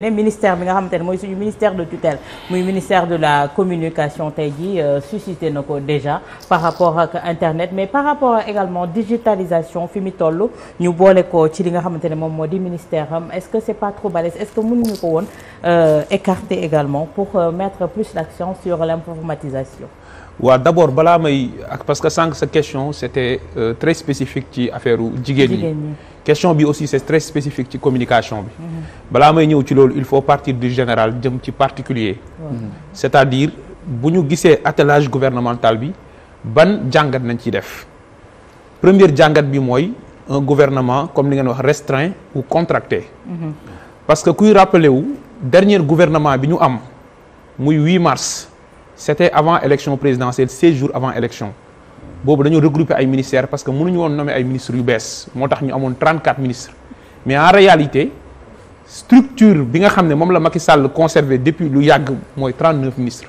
ne ministère bi nga xamante ne mooy suñu ministère de tutelle muy ministère de la communication tey jii euh, suscité na ko déjà par rapport ak internet mais par rapport ak également digitalisation fi mu toll ñu boole ko ci li nga xamante ne moom moo di ministère am est-ce que c'est pas trop ale est-ce que mënuñu ko woon euh, écarter également pour euh, mettre plus l'accent sur l'informatisation waaw d' abord balaa may parce que sànq sa question c' était euh, très spécifique ci affaire jigéen ñi question bi aussi c' très spécifique ci communication bi mhm. balaa may ñëw ci loolu il faut partir du général jëm ci particulier ouais. Mhm. c' est à dire bu ñu gisee attelage gouvernemental bi ban jàngat nañ ci def première jàngat bi mooy un gouvernement comme li ngeen wax restreint wu contracté mm parce que kuy rappelé wu dernier gouvernement bi ñu am muy 8 mars c'était avant élection présidentielle seize jours avant élection boobu dañoo regrouper ay ministères parce que mënuñu woon nommer ay ministres yu bees moo tax ñu amoon 34 ministres mais en réalité structure bi nga xam ne moom la Macky Sall conservé depuis lu yàgg mooy 39 ministres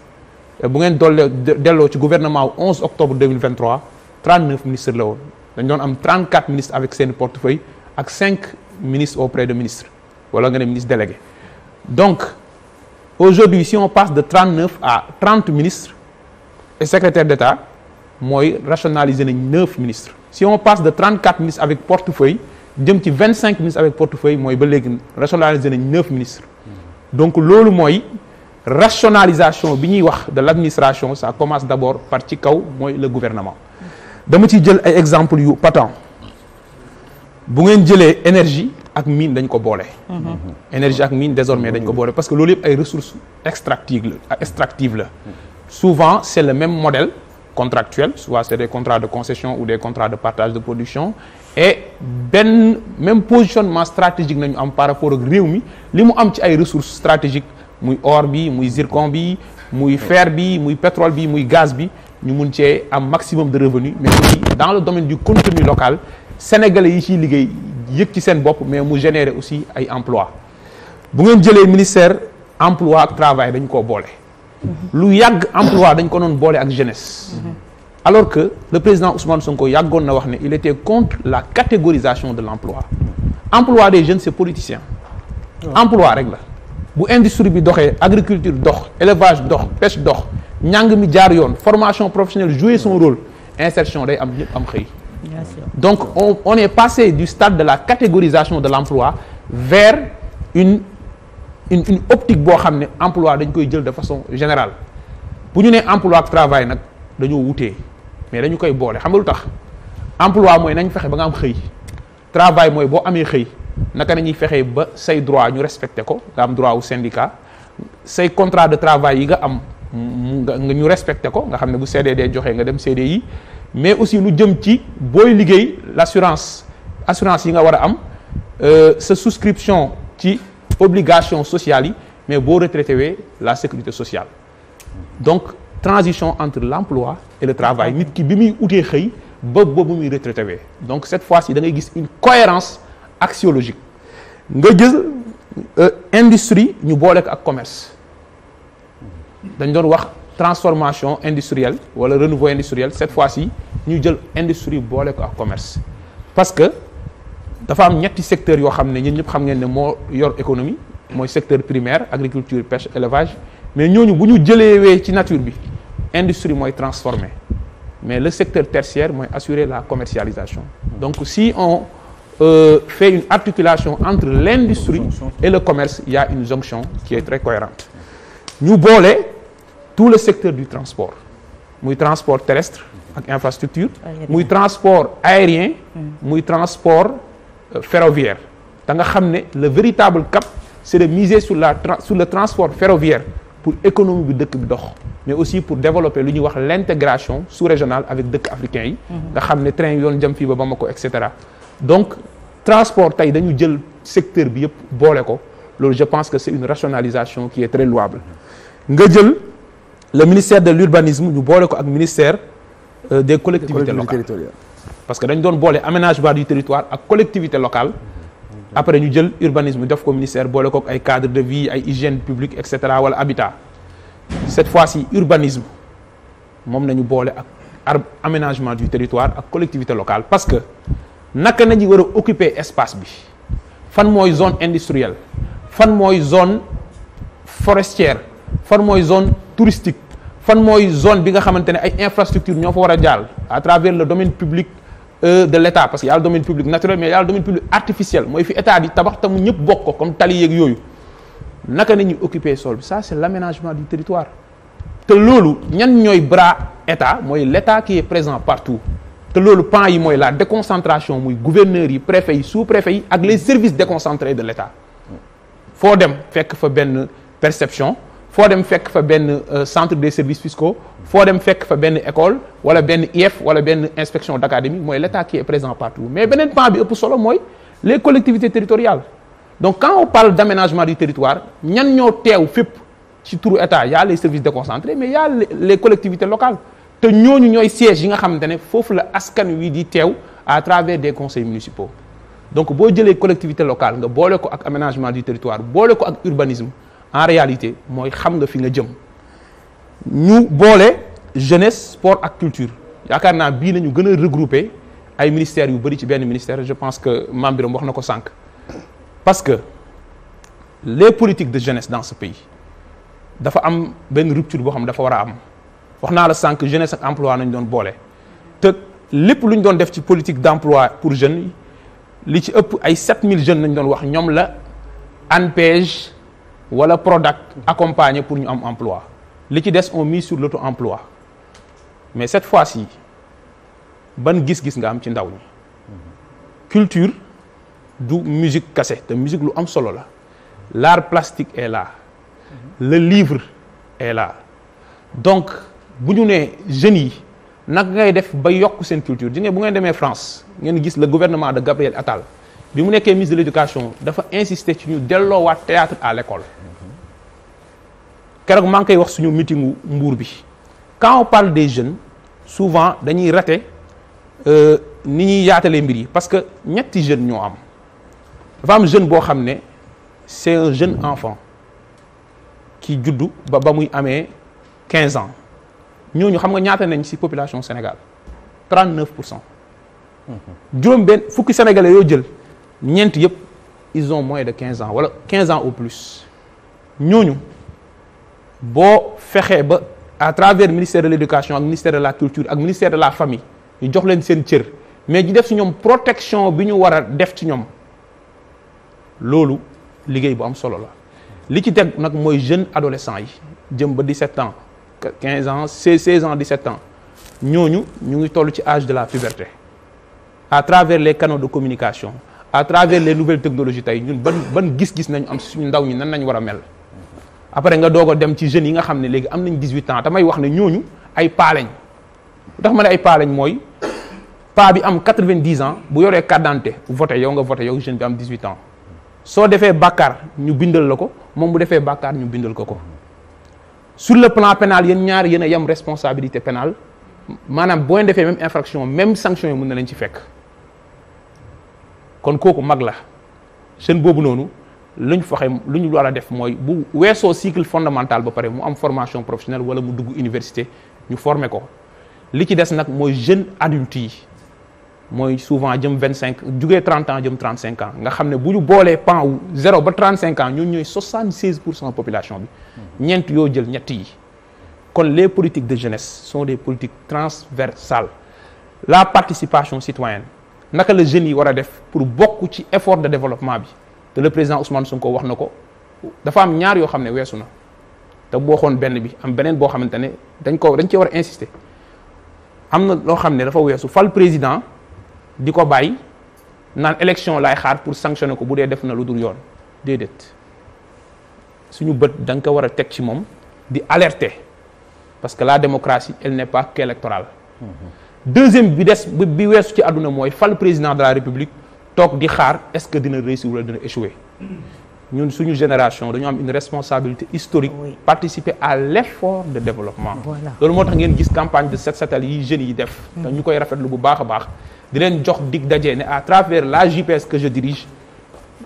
bu ngeen dolle delloo ci gouvernement wu 11 octobre 2023 39 ministres la woon dañ doon am 34 ministres avec seen portefeuille ak cinq ministres auprès de ministres wala nga ne ministre délégué aujourd'hui si on passe de 39 à 30 ministres et secrétaires d'État mooy rationaliser nañ 9 ministres si on passe de 34 ministres avec portefeuille jëm ci 25 ministres avec portefeuille mooy ba léegi rationaliser nañ 9 ministres donc loolu mooy rationalisation bi ñuy wax de l'administration ça commence d'abord par ci kaw mooy le gouvernement dama ciy jël ay exemples yu patent bu ngeen jëlee énergie ak mine dañ ko boole. énergie ak mine désormais dañ ko boole parce que loolu yëpp ay ressources extractives la ah, extractives la. souvent c' est le même modèle contractuel soit c' est des contrats de concession ou des contrats de partage de production et benn même positionnement stratégique nañu am par rapport ak réew mi li mu am ci ay ressources stratégiques muy or bi muy zircon bi muy fer bi muy pétrole bi muy gaz bi ñu mun cee am maximum de revenu mais aussi dans le domaine du contenu local sénégalais yi ciy yëg ci seen bopp mais mu générer aussi ay emploi bu ngeen jëlee ministère emploi ak travail dañ koo boole lu yàgg emploi dañ ko doon boole ak jeunesse alors que le président Ousmane Sonko yàggoon na wax ne il était contre la catégorisation de l'emploi emploi des jeunes c'est politicien emploi rek la bu industrie bi doxee agriculture dox élevage dox pêche dox ñàng mi jaar yoon formation professionnelle jouer son role insertion day am ñëpp am xëy Donc on, on est passé du stade de la catégorisation de l'emploi vers une une une optique boo xam ne emploi dañ koy jël de façon générale bu ñu nee emploi ak travail nag dañoo wutee mais dañu koy boole xam tax emploi mooy nañ fexe ba nga am xëy travail mooy boo amee xëy naka nañuy fexe ba say droit ñu respecté ko nga am droit au syndicat say contrat de travail yi nga am nga ñu respecté ko nga xam ne bu CDD joxee nga dem CDI mais aussi lu jëm ci booy liggéey l' assurance assurance yi nga war a am euh, sa souscription ci obligation sociale yi mais boo retraité wee la sécurité sociale donc transition entre l' emploi et le travail nit ki bi muy utee xëy ba boobu muy retraité wee donc cette fois ci dangay gis une cohérence axiologique nga jël euh, industrie ñu boole ko ak commerce dañ doon wax transformation industrielle wala renouveau industriel cette fois si ñu jël industrie boole ko ak commerce parce que dafa am ñetti secteurs yoo xam ne ñu ñëpp xam ngeen ne moo yor économie mooy secteur primaire agriculture pêche élevage mais ñooñu bu ñu jëleewee ci nature bi industrie mooy transformer mais le secteur tertiaire mooy assurer la commercialisation donc si on euh, fait une articulation entre l'industrie et le commerce il y a une jonction ñu boole tout le secteur du transport muy transport terrestre ak infrastructure muy transport aérien mm. muy transport euh, ferroviaire da nga xam ne le véritable cap c'est de miser sur la sur le transport ferroviaire pour économie bi dëkk bi dox mais aussi pour développer lu ñuy wax l'intégration sous-régionale avec dëkk africain yi mm-hmm. nga xam ne train yoon jëm fii ba Bamako et cetera donc transport tey dañu jël secteur bi yëpp boole ko loolu je pense que c'est une rationalisation qui est très nga jël le ministère de l'urbanisme ñu boole ko ak ministère euh, des collectivités locales parce que dañ doon boole aménagement du territoire ak collectivité local après ñu jël urbanisme def ko ministère boole ko ay cadre de vie ay hygiène publique et cetera wala habitat cette fois-ci urbanisme moom nañu boole ak aménagement du territoire ak collectivité local parce que naka nañu war a occuper espace bi fan mooy zone industrielle fan mooy zone forestière fan mooy zone touristique fan mooy zone bi nga xamante ne ay infrastructure ñoo fa war a jàll à travers le domaine public euh, de l' état parce que yàlla domaine public naturel mais yàlla domaine public artificiel mooy fi état di tabax tamu ñëpp bokk ko comme tali yeeg yooyu naka nañuy occuper sol bi ça c' est l' du territoire te loolu ñan ñooy bras état mooy l' état qui présent partout te loolu pan yi mooy la déconcentration muy gouverneurs yi préfet yi sous préfet yi les services déconcentrés de l' foo dem fekk fa benn perception foo dem fekk fa benn euh, centre des services fiscaux foo dem fekk fa benn école wala benn IEF wala benn inspection d'académie mooy l'État qui est présent partout mais beneen pan bi ëpp solo mooy les collectivités territoriales donc quand on parle d'aménagement du territoire ñan ñoo teew fépp ci turu État y a les services déconcentrés mais y a les collectivités local te ñooñu ñooy sièges yi nga xamante ne foofu la askan wi di teew à travers des conseils municipaux donc boo jëlee collectivité locale nga boole ko ak aménagement du territoire boole ko ak urbanisme en réalité mooy xam nga fi nga jëm ñu boole jeunesse sport ak culture yaakaar naa bii nañu gën a regrouper ay ministères yu bëri ci benn ministère je pense que Mame Birame wax na ko sànq parce que les politiques de jeunesse dans ce pays dafa am benn rupture boo xam dafa war a am wax naa la sànq jeunesse ak emploi nañ doon boole te lépp lu ñu doon def ci politique d'emploi pour jeunes li ci ëpp ay mille jeunes nañ doon wax ñoom la ANPEJ wala Prodac accompagner pour ñu am emploi li ci des on mise sur l'auto emploi mais cette fois-ci ban gis-gis nga am ci ndaw ñi culture du musique kase te musique lu am solo la l'art plastique est là le livre est là donc bu ñu nee jeunes yi naka ngay def ba yokk seen culture di nga bu ngeen demee France ngeen gis le gouvernement de Gabriel atale bi mu nekkee ministre de l'éducation dafa insister ci ñu delloowaat théâtre à l'école keroog maa ngi koy wax suñu meetingu mbuur bi quand on parle des jeunes souvent dañuy raté euh, ni ñuy yaatalee mbir yi parce que ñetti jeunes ñoo am dafa am jeune boo xam ne c'est un jeune enfant ki juddu ba ba muy amee quinze ans ñooñu xam nga ñaata nañ ci population Sénégal trente neuf pour cent mmh. juróom benn fukki sénégalais yoo jël ñeent yëpp ils ont moins de quinze ans wala quinze ans au plus ñooñu boo fexee ba à travers ministère de l'éducation ak ministère de la culture ak ministère de la famille ñu jox leen seen cër mais ji def ci ñoom protection bi ñu war a def ci ñoom loolu liggéey bu am solo la li ci teg nag mooy jeune adolescent yi jëm ba 17 ans 15 ans 16 16 ans 17 ans ñooñu ñu ngi toll ci âge de la puberté à travers les canons de communication à travers les nouvelles technologies tey ñun ban ban gis-gis nañu am suñu ndaw ñi nan nañ war a mel après nga doog a dem ci jeunes yi nga xam ne léegi am nañ 18 ans damay wax ne ñooñu ay paa lañ lu tax ma ne ay paa mooy paa bi am 90 ans bu yoree carte d'identité voté yow nga voté yow jeune bi am 18 ans soo defee bàkkaar ñu bindal la ko moom mu defee bàkkaar ñu bindal ko ko sur le plan pénal yéen ñaar yéen a yam responsabilité pénale maanaam boo defee même infraction même sanction yi mën na leen ci fekk kon kooku mag la jeune boobu noonu lu ñu faxe lu ñu war a def mooy bu weesoo cycle fondamental ba pare mu am formation professionnelle wala mu dugg université ñu former ko li ci des nag mooy jeune adulte yi mooy souvent jëm vingt cinq jugee trente ans jëm trente cinq ans nga xam ne bu ñu boolee pan wu zéro ba trente cinq ans ñun ñooy soixante pour cent population bi mmh. ñeent yoo jël ñetti yi kon les politiques de jeunesse son des politiques transversales la participation citoyenne naka la jeunes yi war a def pour bokk ci effort de développement bi te le président Ousmane ko wax na ko dafa am ñaar yoo xam ne weesu na te boo xoon benn bi am beneen boo xamante ne dañ ko dañ cee war a insister am na loo xam ne dafa weesu fal président di ko bàyyi naan élection laay xaar pour sanctionner ko bu dee def na lu dul yoon déedéet suñu bët da nga ko war a teg ci moom di alerter parce que la démocratie elle deuxième bi des bi weesu ci àdduna mooy fal président de la république toog di xaar est-ce que dina réussir wala dina échouer ñun suñu génération dañu am une responsabilité historique participer à l'effort de développement loolu moo tax ngeen gis campagne de set setal yi jeunes yi def mm. te ñu koy rafetlu bu baax baax di leen jox dig dajee ne à travers la JPS que je dirige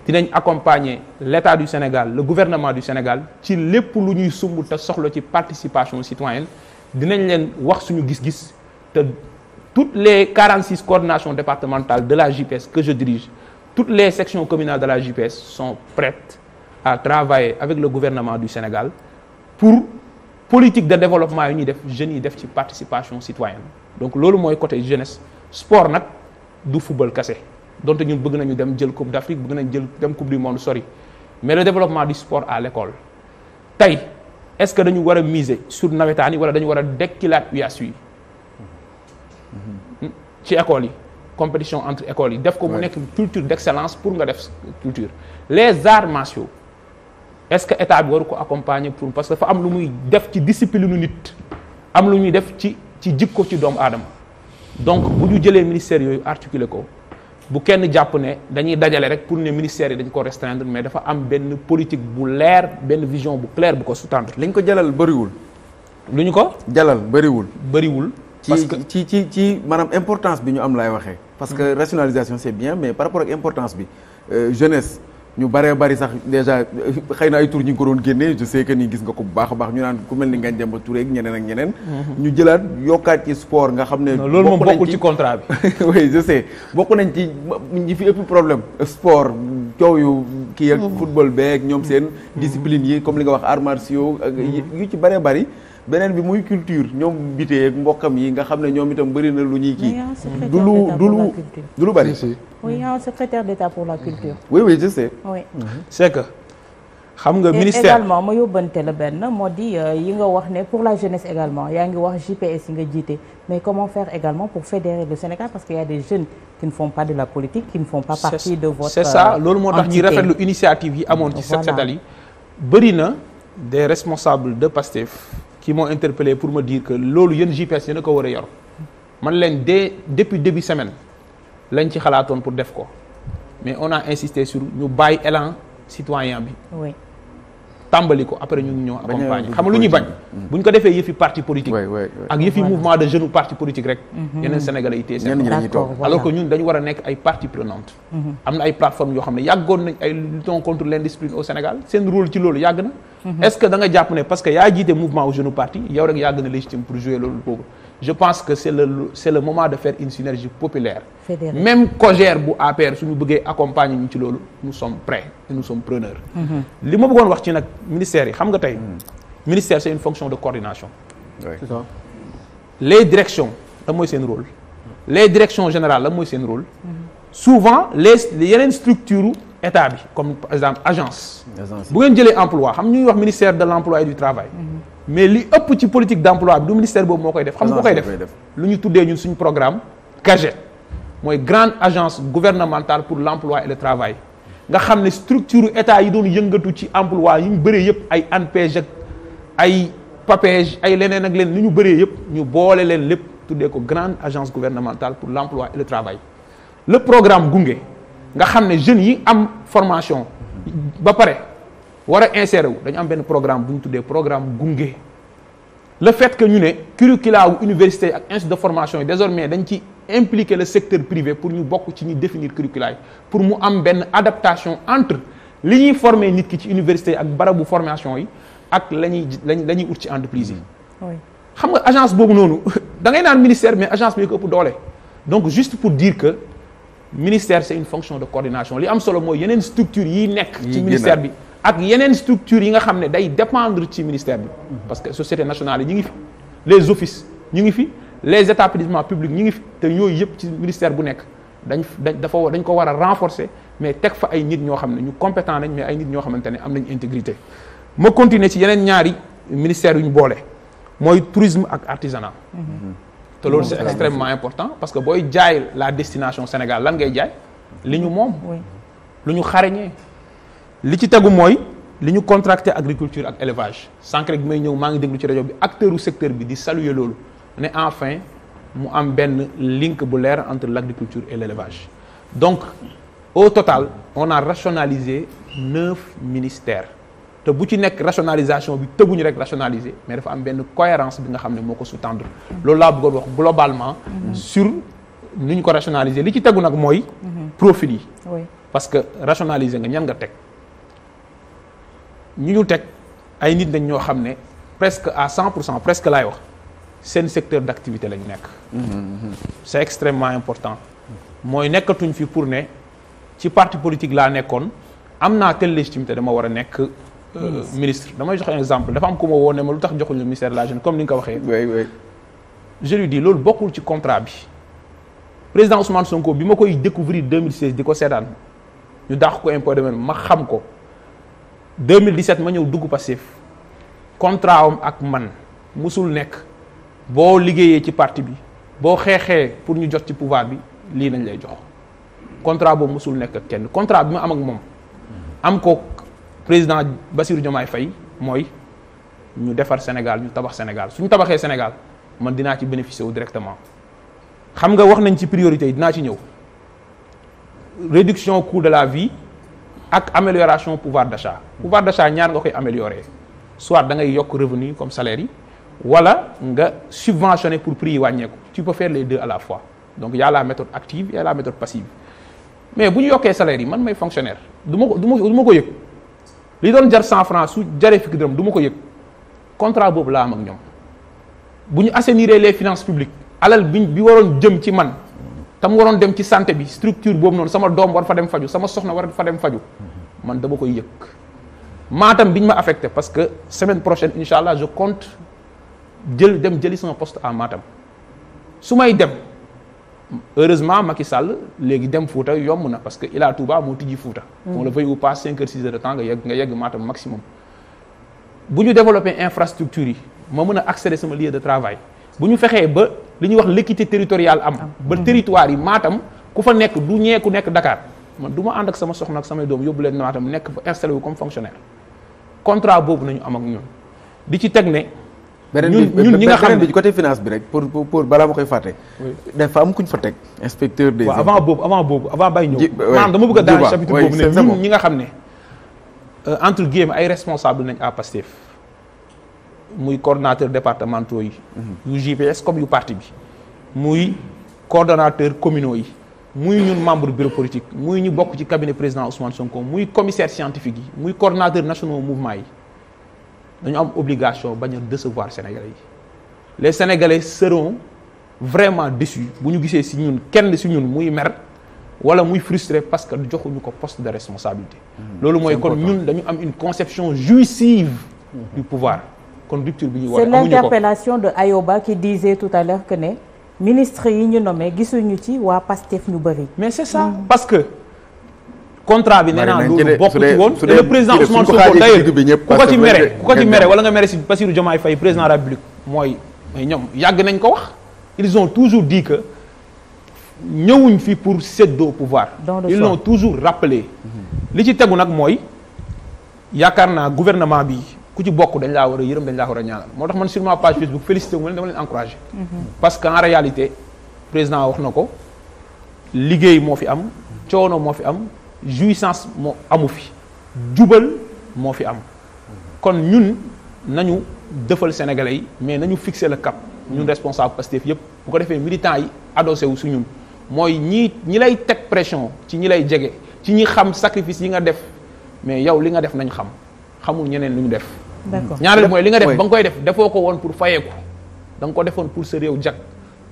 dinañ accompagner l'État du Sénégal le gouvernement du Sénégal ci lépp lu ñuy sumb te soxla ci participation citoyenne dinañ leen wax suñu gis-gis te toutes les 46 coordinations départementales de la JPS que je dirige, toutes les sections communales de la JPS sont prêtes à travailler avec le gouvernement du Sénégal pour politique de développement yu ñuy def jeunes yi def ci participation citoyenne donc loolu mooy côté jeunesse sport nag du football kese donte ñun bëgg nañu dem jël coupe d'Afrique bëgg nañ jël dem coupe du monde sori mais le développement du sport à l'école tey est-ce que dañu war a miser sur nawetaan yi wala dañu war a dekkilaat UAS yi ci école yi compétition entre école yi def ko mu nekk culture d'excellence pour nga def culture les arts martiaux est-ce que état bi waru ko accompagner pour parce que dafa am lu muy def ci discipline nu nit am lu ñuy def ci ci ko ci doom aadama donc bu ñu jëlee ministère yooyu articuler ko bu kenn jàpp ne dañuy dajale rek pour ne ministère yi dañ ko restreindre mais dafa am benn politique bu leer benn vision bu claire bu ko sous-tendre. liñ ko jalal bëriwul. lu ñu ko. jalal bëriwul. bëriwul. parce ci ci ci maanaam importance bi ñu am laay waxee. parce que mm-hmm. rationalisation c'est bien mais par rapport ak importance bi euh, jeunesse ñu bare bari sax déjà euh, xëy na ay tur ñu ngi ko doon génnee je sais que nii gis nga ko bu baax baax ñu naan ku mel ni Ngagne Demba Touré ak ñeneen ak ñeneen. Mm-hmm. ñu jëlaat yokkaat ci sport nga xam ne. loolu moom bokkul ci contrat bi. oui je bokk nañ ci ñi fi ëpp problème sport. coow yu kii ak mm-hmm. football beeg ñoom seen. discipline yi comme li nga wax arts martiaux ak yu ci baree bari. beneen bi muy culture ñoom bitee ak mbokkam yi nga xam ne ñoom itam bëri na lu ñuy kii du lu du lu du si oui un secrétaire d'état pour la culture oui oui je sais oui mhm. c'est que xam nga ministère également ma yóbbante la benn moo di euh, yi nga wax ne pour la jeunesse également yaa ngi wax JPS yi nga jiite mais comment faire également pour fédérer le Sénégal parce qu'il y a des jeunes qui ne font pas de la politique qui ne font pas partie de votre c'est ça euh, loolu moo tax ñuy rafetlu initiative yi amoon ci secrétariat yi bëri na des responsables de PASTEF ci m'ont interpellé pour me dire que loolu yéen GPS yéen a ko war a yor man leen dès depuis début semaine lañ ci xalaatoon pour def ko mais on a insisté sur ñu bàyyi élan citoyen bi. oui tàmbali ko après ñu ngi ñëw accompagner xam nga lu ñuy bañ. bu ñu ko defee yëfi parti politique. ak yëfi mouvement de jeunes parti politique rek. Mhm. yeneen Sénégalais yi téye alors que ñun dañu war a nekk ay partie prenante. Mhm. am na ay plateformes yoo xam ne yàggoon nañ ay luttons contre l'indiscipline au Sénégal ci loolu yàgg na. est-ce que da nga jàpp ne parce que yaa jiite mouvement au jeune parti yow rek yaa gën a légitime pour jouer loolu boobu je pense que c'est le c'est le moment de faire une synergie populaire même COJER bu APR suñu bëggee accompagner ñu ci loolu nous sommes prêts et nous sommes mm-hmm. li ma bëggoon wax ci nag ministère yi xam nga tey ministère c'est une fonction de coordination c'est ça les directions la mooy seen rôle les directions générales la mooy seen rôle mm-hmm. souvent les yeneen état bi comme par exemple agence. bu ngeen jëlee emploi xam ñuy wax ministère de l' emploi et du travail. Mhm. mais li ëpp ci politique d' emploi bi du ministère boobu moo koy def. xam nga koy def lu ñu tuddee ñu suñu programme. CAGET mooy grande agence gouvernementale pour l' emploi et le travail nga xam ne structure état yi doon yëngatu ci emploi yi ñu bëree yëpp ay ANPEJ ak ay PAPEJ ay leneen ak leen li ñu bëree yëpp ñu boole leen lépp tuddee ko grande agence gouvernementale pour l' emploi le travail le programme gunge. nga xam ne jeunes yi am formation ba pare war a insérer wu dañu am benn programme bu ñu tuddee programme gunge le fait que ñu ne curricula wu université ak institut de formation yi désormais dañ ci impliquer le secteur privé pour ñu bokk ci ñu définir curricula yi pour mu am benn adaptation entre li ñuy former nit ki ci université ak barabu formation yi ak la ñuy la ñuy ut ci entreprise yi. Mm-hmm. xam nga agence boobu noonu da ngay naan ministère mais agence bi ko ëpp doole donc juste pour dire ministère c'est une fonction de coordination li am solo mooy yeneen structure yi nekk ci ministère bi ak yeneen structure yi nga xam ne day dépendre ci ministère bi parce que société nationale yi ñu ngi fi les offices ñu ngi fi les établissements publics ñu ngi fi te yooyu yëpp ci ministère bu nekk dañ dañ dafa dañ ko war a renforcer mais teg fa ay nit ñoo xam ne ñu compétent nañ mais ay nit ñoo xamante ne am nañ intégrité ma continuer ci yeneen ñaari ministère yu ñu boole mooy tourisme ak artisanat mm-hmm. te loolu c'est extrêmement important parce que booy jaay la destination Sénégal lan ngay jaay li ñu moom lu ñu xarañee li ci tegu mooy li ñu contracté agriculture ak élevage sànq rek bi may ñëw maa ngi déglu ci rajo bi acteur u secteur bi di saluer loolu ne enfin mu am benn link bu leer entre l'agriculture et l'élevage donc au total on a rationalisé neuf ministères te bu ci nekk rationalisation bi tëbuñu rek rationaliser mais dafa am benn cohérence bi nga xam ne moo ko sous-tendre loolu laa bëggoon wax globalement sur nu ñu ko rationaliser li ci tegu nag mooy profil yi parce que rationaliser nga ñan nga teg ñu ñu teg ay nit dañ ñoo xam ne presque à cent pour cent presque laay wax seen secteur d'activité lañu nekk c'est extrêmement important mooy nekkatuñ fi pour ne ci parti politique laa nekkoon am naa telle légitimité dama war a nekk Euh, ministre damay joxe exemple dafa am ku ma woo ne ma lu tax joxuñu la ministère de la jeune comme ni nga ko waxee. oui oui je lui dis loolu bokkul ci contrat bi président Ousmane Sonko bi ma koy découvrir 2016 di ko seetaan ñu dàq ko impôt domaine ma xam ko 2017 ma ñëw dugg Pastef contrat am ak man mosul nekk boo liggéeyee ci partie bi boo xeexee pour ñu jot ci pouvoir bi lii nañ lay jox contrat boobu musul nekk ak kenn contrat bi mu am ak moom am ko. président Bassirou Diomaye fay mooy ñu defar Sénégal ñu tabax Sénégal suñu tabaxee Sénégal man dinaa ci bénéficier wu directement xam nga wax nañ ci priorité yi dinaa ci ñëw réduction coût de la vie ak amélioration pouvoir d'achat pouvoir d'achat ñaar nga koy améliorer soit da ngay yokk revenu comme salaire yi wala nga subventionner pour prix yi wàññeeku tu peux faire les deux à la fois donc il la méthode active et la méthode passive mais bu ñu yokkee salaire yi man may fonctionnaire du ma ko du ma ko yëg li doon jar cent france su jaree fukki dërëm duma ko yëg contrat boobu laa am ak ñoom bu ñu assainir les finances publiques alal bi bi waroon jëm ci man tam waroon dem ci santé bi structure boobu noonu sama doom war fa dem faju sama soxna war fa dem faju man dama koy yëg maatam bi ñu ma affecté parce que semaine prochaine incha allah je compte jël dem jëli sama poste à maatam su may dem. heureusement Macky Sall léegi dem Fouta yomb na parce que Ila Touba moo tijji Fouta. Mm. on le veuille ou pas 5 heures 6 heures de temps nga yegg nga yegg Matam maximum. bu ñu développé infrastructure yi ma mën a accéder sama lieu de travail bu ñu fexee ba li ñuy wax l'équité territoriale am. ba mm. territoire yi maatam ku fa nekk du ñee ku nekk Dakar man du ma ànd ak sama soxna ak samay doom yóbbu leen Matam nekk fa installé wu comme fonctionnaire contrat boobu nañu am ci teg ñun ñun ñi nga xam ne côté finance bi rek pour pour pour balaa ma koy fàtte. dafa am kuñ fa teg. inspecteur des impôts avant boobu a daal chapitre boobu ne ñun ñi xam ne. Euh, entre guillemets ay responsable nañ à Pastef muy coordonnateur départementaux yi. Mhm. yu GPS parti bi. muy coordonnateur communaux yi. muy ñun membre bureau politique muy ñu bokk ci cabinet président Ousmane Sonko muy commissaire scientifique yi muy coordonnateur national mouvement yi. dañu am obligation bañ a décevoir sénégalais yi les sénégalais seront vraiment déçus bu ñu gisee si ñun kenn si ñun muy mer wala muy frustré parce que joxuñu ko poste de responsabilité hmm. loolu mooy kon ñun dañu am une conception jouissive du pouvoir kon rupture bi ñuy woote amuñu ko de Ayoba qui disait tout à l'heure que ne ministre yi ñu nommé gisuñu ci waa Pastef ñu bëri mais c'est ça hmm. que contrat bi nee naa loolu bokk ci woon te le président Ousmane Sonko d'ailleurs ku ko ci mere ku ko ci mere wala nga mere si Bassirou Diomaye Faye président république mooy ñoom yàgg nañ ko wax ils ont toujours dit que ñëwuñ fi pour séddoo pouvoir ils l'ont toujours rappelé li ci tegu nag mooy yaakaar naa gouvernement bi ku ci bokk dañ laa war a yërëm dañ laa war a ñaanal moo tax man sur ma page Facebook félicité wu leen dama leen encouragé mhm. parce que en réalité président wax na ko liggéey moo fi am coono moo fi am jouissance moo amu fi jubal moo fi am kon ñun nañu dëfal sénégalais yi mais nañu fixer le cap ñun responsable Pastef yëpp bu ko defee militants yi adossé wu su ñun mooy ñi ñi lay teg pression ci ñi lay jege ci ñi xam sacrifice yi nga def mais yow li nga def nañ xam xamul ñeneen lu ñu def d'accord ñaareel mooy li nga def ba nga koy def defoo ko woon pour fayeeku da nga ko defoon pour sa réew jag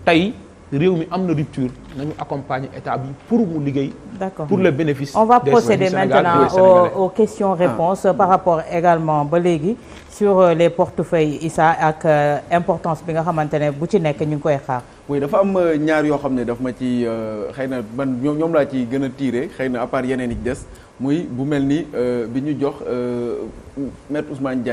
tey réew mi am na rupture nañu accompagner état bi pour mu liggéey. d'accord pour le bénéfice. on va procéder maintenant aux, aux questions réponses ah. par rapport également ba léegi sur euh, les portefeuilles Issa ak euh, importance bi nga xamante ne bu ci nekk ñu ngi koy xaar. oui dafa am euh, ñaar yoo xam ne daf ma ci xëy na man ñoom laa ci gën a tiire xëy na à part yeneen yi des muy bu mel ni bi ñu jox maître Ousmane Diagne.